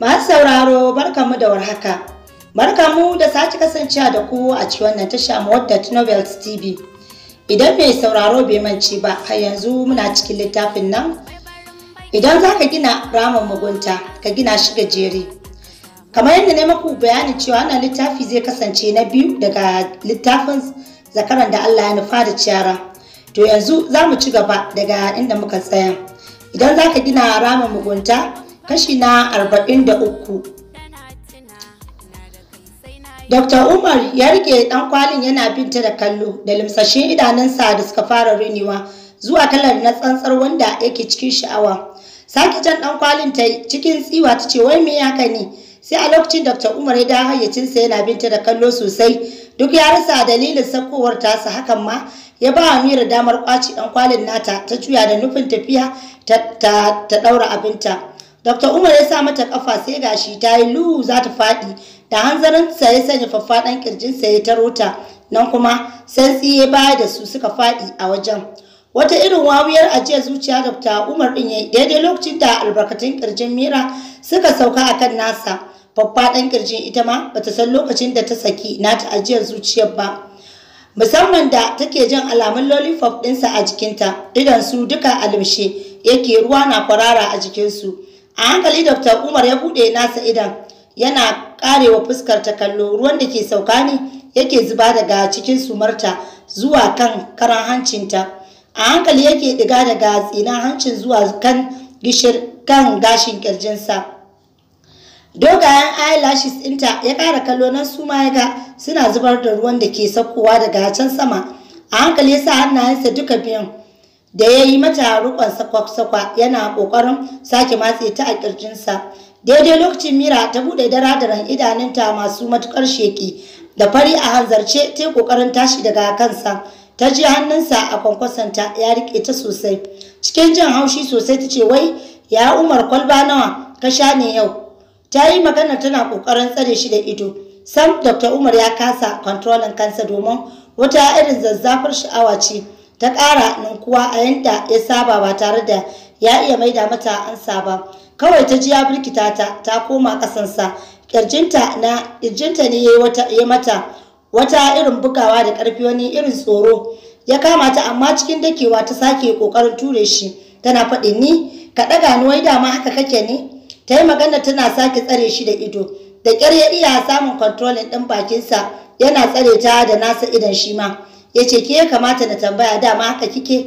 Masu sauraro barkamu da warhaka. Barkamu da sake kasancewa da ku a ci wannan tasha Muwaddat Novels TV. Idan mai sauraro bai manci ba, har yanzu muna cikin littafin nan. Idan za ka gina ramin mugunta, ka gina shi gajere. Kamar yadda na maku bayanin cewa wannan littafi zai kasance na biyu daga littafin zakaran da Allah ya nufa da ciyara. To yanzu za mu ci gaba daga inda muka tsaya. Idan za ka gina ramin mugunta, kashi na 43 Dr. Umar ya rike dan kwalin yana binta da kallo da limsashin idanunsa da suka fara rinewa zuwa kalar na tsantsar wanda yake cikin sha'awa. Sake jan dan kwalin ta cikin tsiwa ta ce wai me haka ne? Sai a lokacin Dr. Umar ya dawo hayyacinsa yana binta da kallo sosai duk ya rasa dalilin sakowar tasa hakan ma ya ba Amira damar kwaci dan kwalin nata ta juya da nufin tafiya ta daura abinta. Dr. Umar ya sa mata kafa sai gashi ta yi lu za ta faɗi da hanzarin sa ya sanya faffaɗan kirjin sa ya tarota nan kuma sai ya baya da su suka faɗi a wajen. Wata irin wawiyar ajiyar zuciya Dr. Umar din yayi daidai lokacin da albarkatun kirjin Mira suka sauka akan nasa. Faffaɗan kirjin ita ma bata san lokacin da ta saki nata ajiyar zuciyar ba. musamman da take jin alamun lollipop ɗinsa a jikinta idan su duka alimshe yake ruwa na kwarara a jikinsu a hankali dr umar ya bude nasa idan yana karewa fuskar ta kallo ruwan da ke sauka ne yake zuba daga cikin sumarta zuwa kan karan hancinta a hankali yake diga daga tsinan hancin zuwa kan gishir kan gashin kirjinsa dogayen eyelashes ɗinta ya ƙara kallo nan su ma ga suna zubar da ruwan da ke saukowa daga can sama a hankali ya sa hannayensa duka biyan da ya yi mata rukon sakwa-sakwa yana ƙoƙarin sake matse ta a ƙirjinsa. Daidai lokacin Mira ta buɗe daradaran idanunta masu matukar sheki. da fari a hanzarce ta ƙoƙarin tashi daga kansa. Ta ji hannunsa a kwankwasanta ya riƙe ta sosai. Cikin jin haushi sosai ta ce wai ya Umar kwalba nawa ka sha ne yau. Ta yi magana tana ƙoƙarin tsare shi da ido. Sam Dr. Umar ya kasa kwantrolin kansa domin wata irin zazzafar sha'awa ce. ta ƙara ninkuwa a yanda ya saba ba tare da ya iya maida mata ansa ba kawai ta ji ya birkita ta ta koma ƙasansa ƙirjinta na ƙirjinta ne ya mata wata irin bugawa da ƙarfi wani irin tsoro ya kama ta amma cikin dakewa ta sake ƙoƙarin ture shi tana faɗi ni ka ɗaga ni wai dama haka kake ne ta yi magana tana sake tsare shi da ido da ƙyar ya iya samun kwantrolin ɗin bakinsa yana tsare ta da nasa idan shi ma ya ce ke ya kamata na tambaya dama haka kike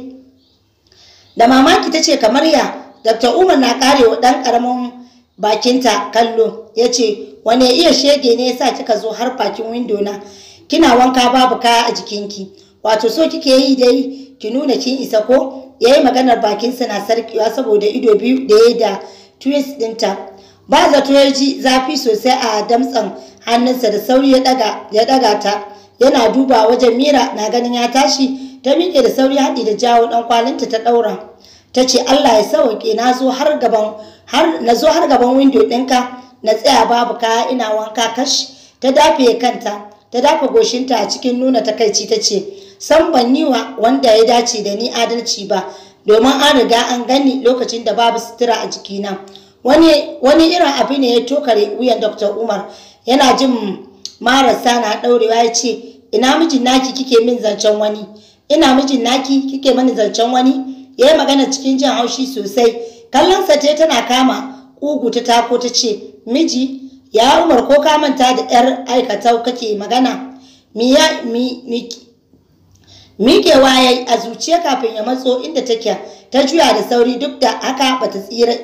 da mamaki ta ce kamar ya dr umar na kare wa ɗan ƙaramin bakinta kallo ya ce wane iya shege ne yasa kika zo har bakin windo na kina wanka babu kaya a jikinki wato so kike yi dai ki nuna kin isa ko ya yi maganar bakinsa na sarkiwa, saboda ido biyu da ya da twist ɗinta ba zato ya ji zafi sosai a damtsan hannunsa da sauri ya ɗaga ta yana duba wajen mira na ganin ya tashi ta miƙe da sauri haɗi da jawo ɗan kwalinta ta ɗaura ta ce allah ya sauke na zo har gaban na zo har gaban windo ɗinka na tsaya babu kaya ina wanka kash ta dafe kanta ta dafa goshinta a cikin nuna takaici ta ce san ban yi wa wanda ya dace da ni adalci ba domin an riga an gani lokacin da babu sutura a jikina wani wani irin abu ne ya tokare wuyan dr umar yana jin marasa na ɗaurewa ya ce ina mijin naki kike min zancen wani ina mijin naki kike mani zancen wani yayi yi magana cikin jin haushi sosai kallonsa ce tana kama ƙugu ta tako ta ce miji ya umar ko ka manta da yar aikatau kake magana miya mi mi ya waye a zuciya kafin ya matso inda take ta juya da sauri duk da haka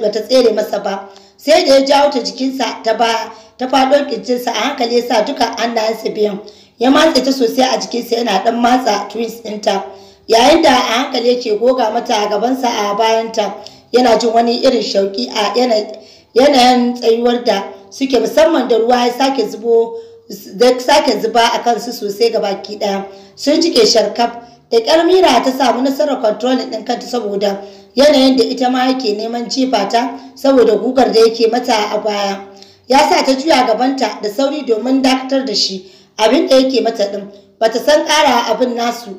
bata tsere masa ba sai da ya jawo ta jikinsa ta ba. ta faɗo ƙirjinsa a hankali ya sa duka hannayensa biyan ya matse ta sosai a jikinsa yana ɗan matsa twins ɗinta yayin da a hankali yake goga mata a gabansa a bayanta yana jin wani irin shauƙi a yanayin tsayuwar da suke musamman da ruwa ya sake zubo da sake zuba a kansu sosai ga baki ɗaya sun jike sharkaf da ƙyar mira ta samu nasarar control ɗin kanta saboda yanayin da ita ma yake neman jefa ta saboda gugar da yake mata a baya. ya sa ta juya gabanta da sauri domin dakatar da shi abin da yake mata ɗin ba ta san ƙara abin nasu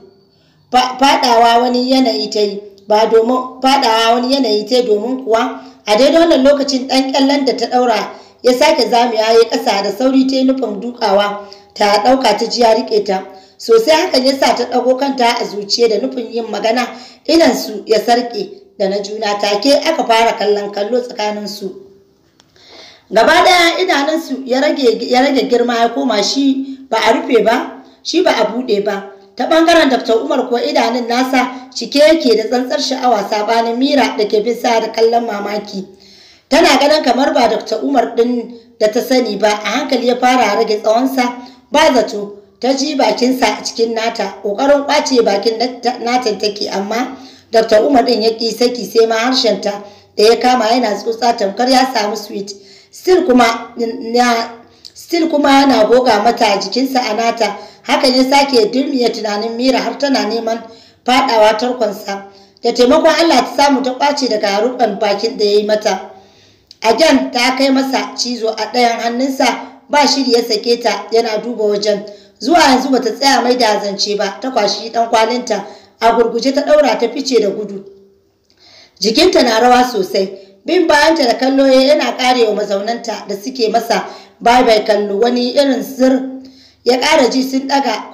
faɗawa wani yanayi ta yi ba domin fadawa wani yanayi ta domin kuwa a daidai wannan lokacin ɗan ƙyallen da ta ɗaura ya sake zamu ya ƙasa da sauri ta yi nufin dukawa ta ɗauka ta ji ya riƙe ta sosai hakan ya sa ta dago kanta a zuciya da nufin yin magana su ya sarƙe da na juna take aka fara kallon kallo tsakanin su gaba ɗaya idanunsu ya rage girma ya koma shi ba a rufe ba shi ba a bude ba ta ɓangaren dr umar ko idanun nasa cike yake da tsantsar sha'awa sabanin mira da ke bisa da kallon mamaki tana ganin kamar ba dr umar ɗin da ta sani ba a hankali ya fara rage tsawonsa ba zato ta ji bakinsa a cikin nata ƙoƙarin ƙwace bakin nata take amma dr umar ɗin ya saki sai ma harshenta da ya kama yana tsotsa tamkar ya samu sweet still kuma na still kuma goga mata a jikinsa a nata haka ya sake dirmiya tunanin mira har tana neman fadawa tarkonsa da taimakon allah ta samu ta kwace daga rukan bakin da ya yi mata again ta kai masa cizo a ɗayan hannunsa ba shiri ya sake ta yana duba wajen zuwa yanzu bata tsaya mai da zance ba ta kwashi dan kwalinta a gurguje ta daura ta fice da gudu jikinta na rawa sosai bin bayanta da kallo eh, yana karewa mazaunanta da suke masa bye kallo wani irin sir ya ƙara ji sun ɗaga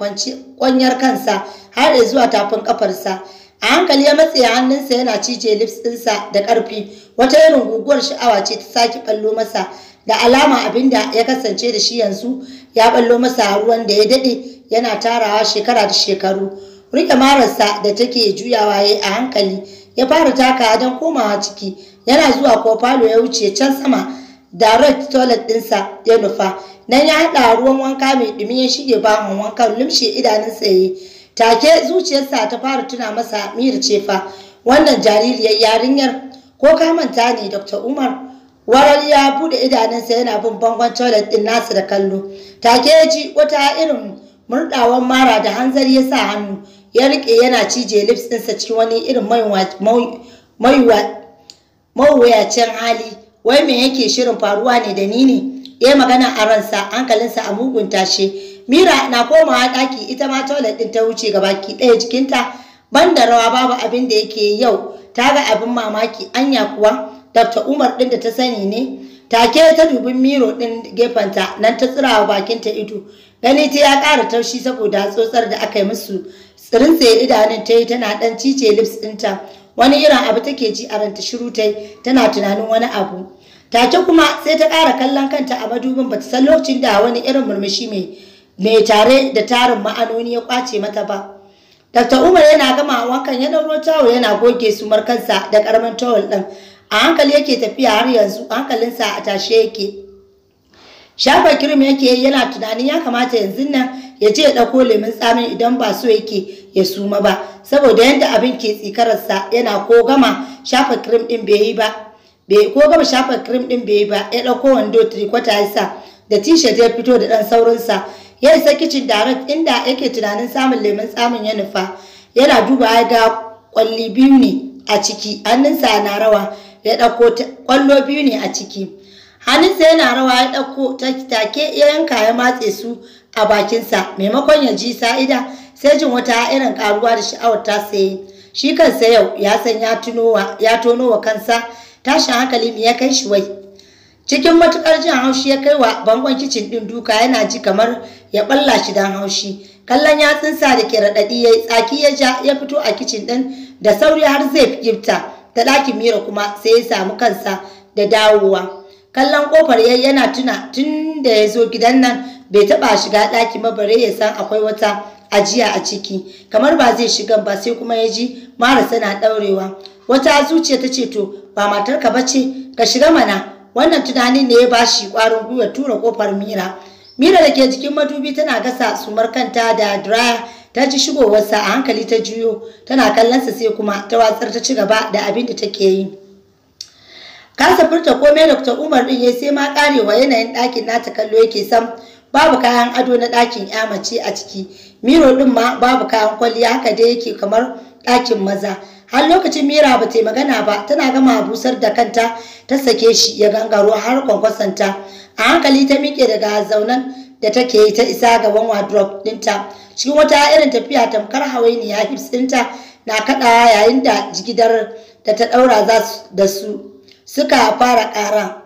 kwanyar kansa har da zuwa tafin ƙafarsa a hankali ya matse hannunsa yana cije lips ɗinsa da karfi wata irin guguwar sha'awa ce ta sake ɓallo masa da alama abinda ya kasance da shi yanzu ya ɓallo masa ruwan da ya dade yana tarawa shekara da shekaru Rike mararsa da take juyawa yayi eh, a hankali ya fara takawa don komawa ciki yana zuwa ko falo ya wuce can sama direct toilet ɗinsa ya nufa nan ya haɗa ruwan wanka mai ɗumi ya shige bahon wankan lumshe idanunsa ya yi take zuciyarsa ta fara tuna masa miyar cefa wannan jaririyar yarinyar ko ka manta ne dr umar warar ya bude idanunsa yana bin bangon toilet ɗin nasa da kallo take ya ji wata irin murdawan mara da hanzari ya sa hannu ya rike yana cije lips ɗinsa cikin wani irin maiwa mawuyacin hali wai me yake shirin faruwa ne da ni ne ya magana a ransa hankalinsa a mugun tashe mira na komawa Daki, ita ma toilet din ta wuce ga baki ɗaya jikinta ban da rawa babu abin da yake yau ta ga abin mamaki anya kuwa dr umar din da ta sani ne take ta dubin miro ɗin gefenta nan ta tsirawa ta ido gani ta ya ƙara taushi saboda tsotsar da aka yi musu tsirin tsaye idanun ta yi tana ɗan cice lips ɗinta wani irin abu take ji a ranta shiru ta yi tana tunanin wani abu take kuma sai ta ƙara kallon kanta a madubin bata san lokacin da wani irin murmushi mai mai tare da tarin ma'anoni ya kwace mata ba Dr. Umar yana gama wankan ya ɗauro tawul yana goge su markansa da karamin tawul ɗin a hankali yake tafiya har yanzu hankalinsa a tashe yake shafa kirim yake yi yana tunanin ya kamata yanzu nan ya je ya ɗauko lemun tsamin idan ba so yake ya suma ba saboda yadda abin ke tsikararsa yana ko gama shafa kirim ɗin bai yi ba bai ko gama shafa kirim din bai yi ba ya ɗauko wando trikwata ya sa da t-shirt ya fito da ɗan sa ya isa kicin direct inda yake tunanin samun lemun tsamin ya nufa yana duba ya ga kwalli biyu ne a ciki hannunsa na rawa ya ɗauko kwallo biyu ne a ciki hannunsa yana rawa ya ɗauko take ya yanka ya matse su a bakinsa maimakon ya ji sa'ida sai jin wata irin karuwa da sha'awar ta saye shi kansa yau ya san ya tono wa kansa tashin hankali me ya kai shi wai cikin matukar jin haushi ya kai wa bangon kicin din duka yana ji kamar ya balla shi dan haushi kallon yatsunsa da ke raɗaɗi ya yi tsaki ya ja ya fito a kicin din da sauri har zai gifta ta ɗakin mira kuma sai ya samu kansa da dawowa kallon kofar yayi yana tuna tun da ya zo gidan nan bai taba shiga ɗaki ba bare ya san akwai wata ajiya a ciki kamar ba zai shiga ba sai kuma ya ji marasa na ɗaurewa wata zuciya ta ce to ba matarka ba ce ka shiga mana wannan tunanin ne ya bashi kwarin ƙwarin gwiwa tura kofar mira mira da ke jikin madubi tana gasa sumar kanta da dryer ta ji shigowarsa a hankali ta juyo tana kallonsa sai kuma ta watsar ta ci gaba da abin da take yi kasa furta komai dr umar din yayi sai ma karewa yanayin ɗakin nata kallo yake sam babu kayan ado na ɗakin ya mace a ciki miro din ma babu kayan kwalliya haka dai yake kamar ɗakin maza har lokacin mira ba ta yi magana ba tana gama busar da kanta ta sake shi ya gangaro har kwankwasanta a hankali ta miƙe daga zaunan da take yi ta isa gaban wardrobe ɗinta cikin wata irin tafiya tamkar hawainiya hips ɗinta na kaɗawa yayin da jigidar da ta ɗaura da su suka fara ƙara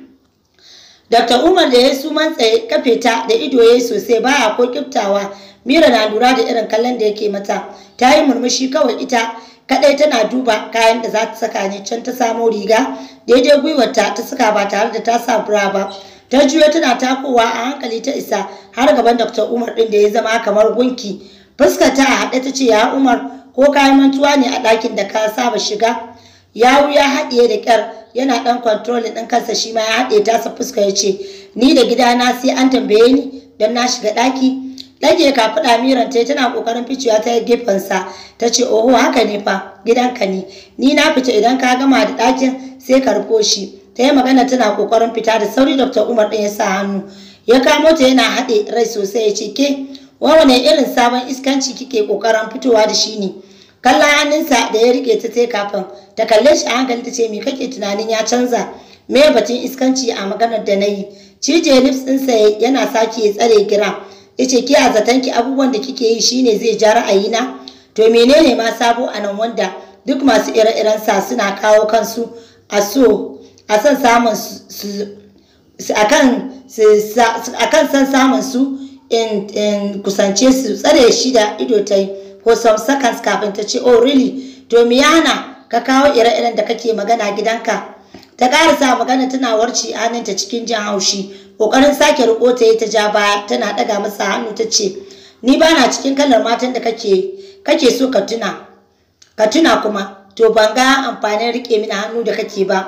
Dr. Umar da ya suman tsaye kafe ta da ido ya sosai baya ko kiftawa Mira na lura da irin kallon da yake mata ta yi murmushi kawai ita kadai tana duba kayan da za ta saka ne can ta samo riga daidai gwiwarta ta saka ba tare da ta sa bra ba ta juyo tana takowa a hankali ta isa har gaban Dr. Umar din da ya zama kamar gunki fuskar ta a haɗe ta ce ya Umar ko kayan mantuwa ne a ɗakin da ka saba shiga yawu ya haɗiye da kyar yana ɗan kwantrolin ɗin kansa shi ma ya haɗe tasa fuska ya ce ni da gidana sai an tambaye ni don na shiga ɗaki ɗage ka faɗa miran ta tana ƙoƙarin ficewa ta gefensa ta ce oho haka ne fa gidanka ne ni na fita idan ka gama da ɗakin sai ka rufo shi ta yi magana tana ƙoƙarin fita da sauri dr umar ɗin ya sa hannu ya kamo ta yana haɗe rai sosai ya ce ke wawane irin sabon iskanci kike ƙoƙarin fitowa da shi ne kallon hannunsa da ya rike ta sai kafin ta kalle shi a hankali ta ce me kake tunanin ya canza me batun iskanci a maganar da na yi cije lips ɗinsa yana sake tsare kira, ya ce ki a ki abubuwan da kike yi shine zai ja na? to menene ma sabo a nan wanda duk masu ire-iren sa suna kawo kansu a so a san samun su akan san samun su in kusance su tsare shi da ido ta yi for some seconds kafin ta ce oh really to me hana ka kawo ire-iren da kake magana gidanka ta karasa magana tana warci ta cikin jin haushi kokarin sake riko ta yi ta ja baya tana daga masa hannu ta ce ni ba na cikin kalar matan da kake kake so ka tuna ka tuna kuma to ban ga amfanin rike mini hannu da kake ba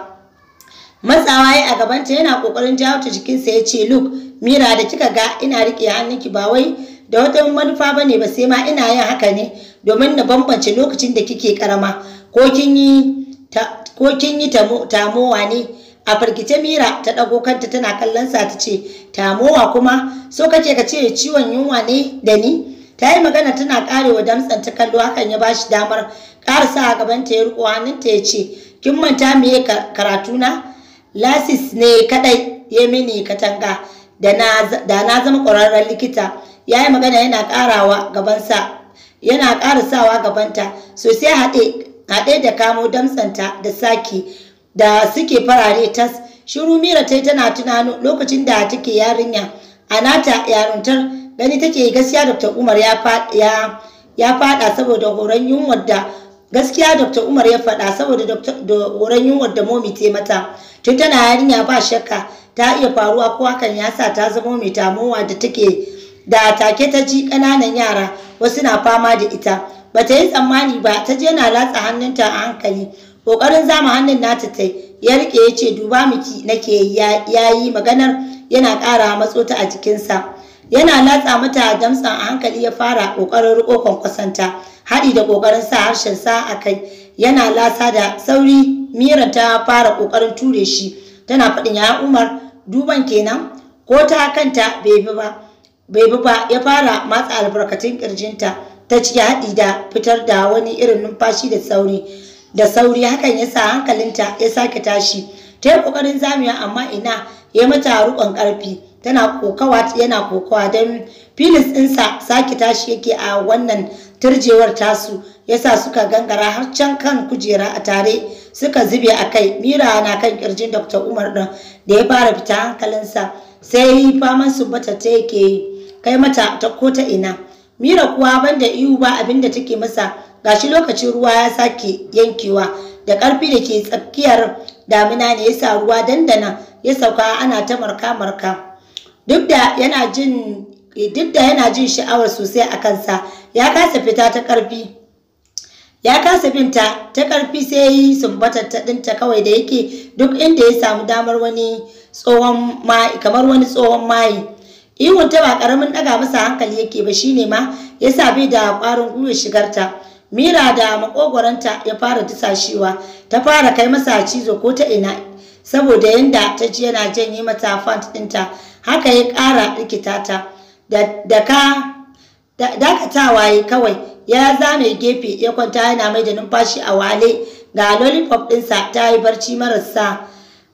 matsawa ya a gabanta yana kokarin jawo ta jikinsa ya ce look mira da kika ga ina rike hannunki ba wai da wata manufa ba ne ba sai ma ina yin haka ne domin na bambance lokacin da kike karama ko kin yi tamowa ne a firgice mira ta ɗago kanta tana kallon sa ta ce tamowa kuma so kake ka ce ciwon yunwa ne da ni ta yi magana tana karewa damtsan ta kallo hakan ya bashi damar karasa a gaban ta ya riko hannunta ya ce kin manta me karatu na lasis ne kadai ya mini katanga da na zama ƙwararren likita ya yi magana yana ƙarawa gabansa yana gabanta sosai haɗe da kamo damsanta da saki da suke farare tas shiru mira tai tana tunano lokacin da take yarinya a nata yaruntar gani take gaskiya dr umar ya faɗa saboda horon yunwar da gaskiya dr umar ya faɗa saboda horon yunwar da momi te mata tun tana yarinya ba shakka ta iya faruwa ko hakan ya sa ta zama mai tamowa da take da take ta ji ƙananan yara wasu na fama da ita Ba ta yi tsammani ba ta je na latsa hannunta a hankali ƙoƙarin zama hannun nata ta ya rike ya ce duba miki nake yayi maganar yana ƙara matso ta a jikinsa yana latsa mata damsa a hankali ya fara ƙoƙarin riƙo kwankwasanta haɗi da ƙoƙarin sa harshen sa a kai yana lasa da sauri miran ta fara ƙoƙarin ture shi tana faɗin ya umar duban kenan ko ta kanta bai bi ba bai bi ba ya fara matsa albarkatun kirjinta ta ci haɗi da fitar da wani irin numfashi da sauri da sauri hakan ya sa hankalinta ya sake tashi ta yi ƙoƙarin zamiya amma ina ya mata rukon ƙarfi tana kokawa yana kokawa don filis ɗinsa sake tashi yake a wannan turjewar tasu yasa suka gangara har can kan kujera a tare suka zube a kai mira na kan kirjin dr umar ɗin da ya fara fita hankalinsa sai yi faman bata ta yake kai mata ta ko ta ina mira kuwa banda ihu ba abin da take masa gashi lokacin ruwa ya sake yankewa da ƙarfi da ke tsakiyar damina ne yasa ruwa dandana ya sauka ana ta marka-marka. duk da yana jin eh, duk da yana jin sha'awar sosai a kansa ya kasa fita ta ƙarfi ya kasa binta ta ƙarfi sai ya yi sumbatar ta dinta kawai da yake duk inda ya samu damar wani tsohon mai kamar wani tsohon mai ihun ta ba ƙaramin ɗaga masa hankali yake ba shine ma ya sa bai da ƙwarin gwiwa shigarta mira da makogoranta ya fara dusashewa ta fara kai masa cizo ko ta ina saboda yanda ta ji yana janye mata fant dinta. haka ya ƙara rikita ta da ka dakatawa yi kawai ya zame gefe ya kwanta yana mai da numfashi a wale ga lollipop ɗinsa ta yi barci marasa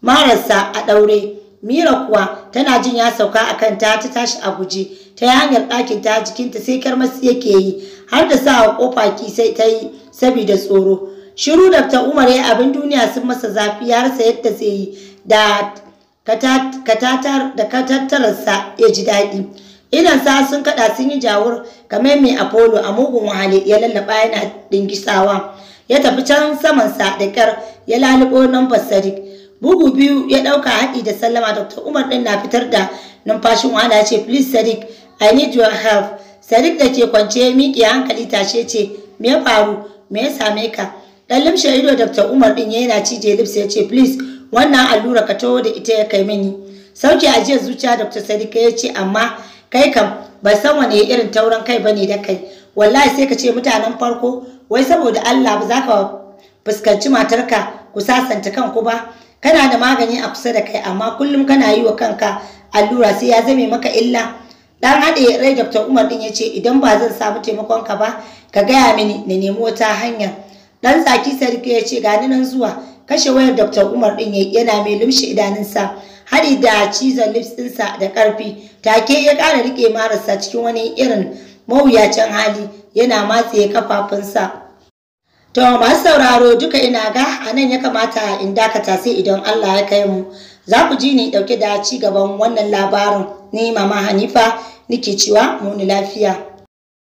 marasa a ɗaure mira kuwa tana jin ya sauka a kan ta tashi a guje ta yi hanyar ɗakin ta jikinta sai masu yake yi har da sa wa ƙofa ki sai ta yi saboda tsoro shiru dr umar ya abin duniya sun masa zafi ya rasa yadda zai yi da ka sa ya ji daɗi sa sun kaɗa sun yi jawur kamar mai apollo a mugun wahale ya lallaba yana ɗingisawa ya tafi can saman sa da ƙyar ya lalubo nambar Sadiq. bugu biyu ya ɗauka haɗi da sallama dr umar ɗin na fitar da numfashin wahala ya ce please Sadiq, i need your help Sadiq da ke kwance ya miƙe hankali tashe ce me ya faru me ya same ka ɗan limshe ido dr umar ɗin yana cije lips ya ce please wannan allura ka taho da ita ya kai mini sauke jiya zuciya dr sadika ya ce amma kai kam ba san wane wani irin tauran kai bane da kai wallahi sai ka ce mutanen farko wai saboda allah ba za ka fuskanci matarka ku sasanta kanku ba kana da magani a kusa da kai amma kullum kana yi wa kanka allura sai ya zame maka illa dan haɗe rai dr umar din ya ce idan ba zan samu taimakon ka ba ka gaya mini na nemi wata hanya dan tsaki sarki ya ce gani nan zuwa kashe wayar dr umar din yana mai lumshe idanunsa hari da cizon lips sa da karfi take ya ƙara rike marasa cikin wani irin mawuyacin hali yana matse kafafunsa to masu sauraro duka ina ga anan ya kamata in dakata sai idan allah ya kai mu za ku ji ni dauke da ci gaban wannan labarin ni mama hanifa nike cewa muni lafiya